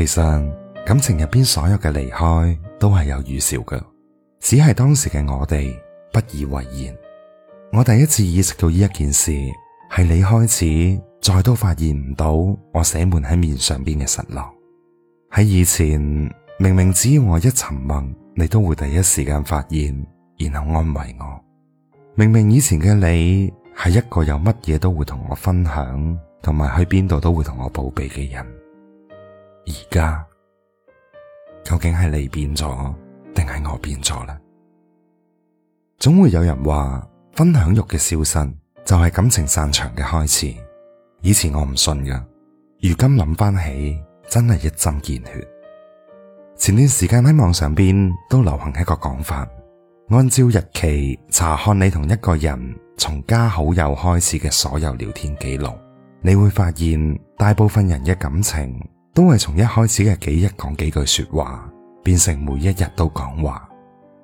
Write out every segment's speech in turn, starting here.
其實感情入邊所有嘅離開都係有預兆嘅，只係當時嘅我哋不以為然。我第一次意識到呢一件事係你開始，再都發現唔到我寫滿喺面上邊嘅失落。喺以前，明明只要我一沉默，你都會第一時間發現，然後安慰我。明明以前嘅你係一個有乜嘢都會同我分享，同埋去邊度都會同我報備嘅人。而家究竟係你變咗，定係我變咗呢？總會有人話分享欲嘅消失就係感情散場嘅開始。以前我唔信㗎，如今諗翻起真係一針見血。前段時間喺網上邊都流行一個講法，按照日期查看你同一個人從加好友開始嘅所有聊天記錄，你會發現大部分人嘅感情。都係從一開始嘅幾日講幾句說話，變成每一日都講話，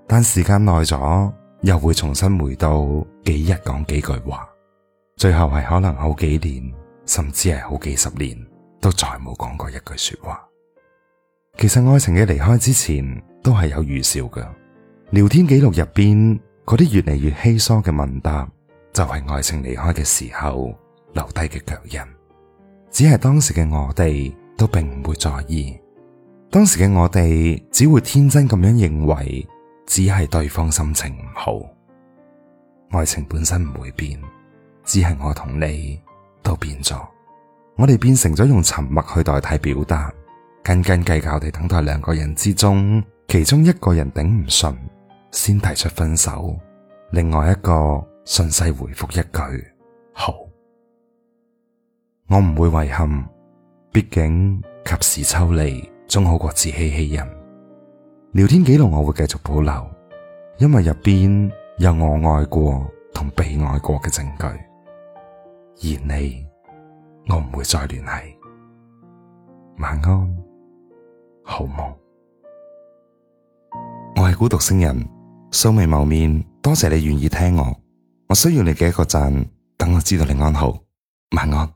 但時間耐咗又會重新回到幾日講幾句話，最後係可能好幾年，甚至係好幾十年都再冇講過一句說話。其實愛情嘅離開之前都係有預兆嘅，聊天記錄入邊嗰啲越嚟越稀疏嘅問答，就係愛情離開嘅時候留低嘅腳印，只係當時嘅我哋。都並唔會在意，當時嘅我哋只會天真咁樣認為，只係對方心情唔好，愛情本身唔會變，只係我同你都變咗，我哋變成咗用沉默去代替表達，斤斤計較地等待兩個人之中，其中一個人頂唔順，先提出分手，另外一個順勢回復一句：好，我唔會遺憾。畢竟及時抽離，總好過自欺欺人。聊天記錄我會繼續保留，因為入邊有我愛過同被愛過嘅證據。而你，我唔會再聯繫。晚安，好夢。我係孤獨星人，素未謀面，多謝你願意聽我。我需要你嘅一個贊，等我知道你安好。晚安。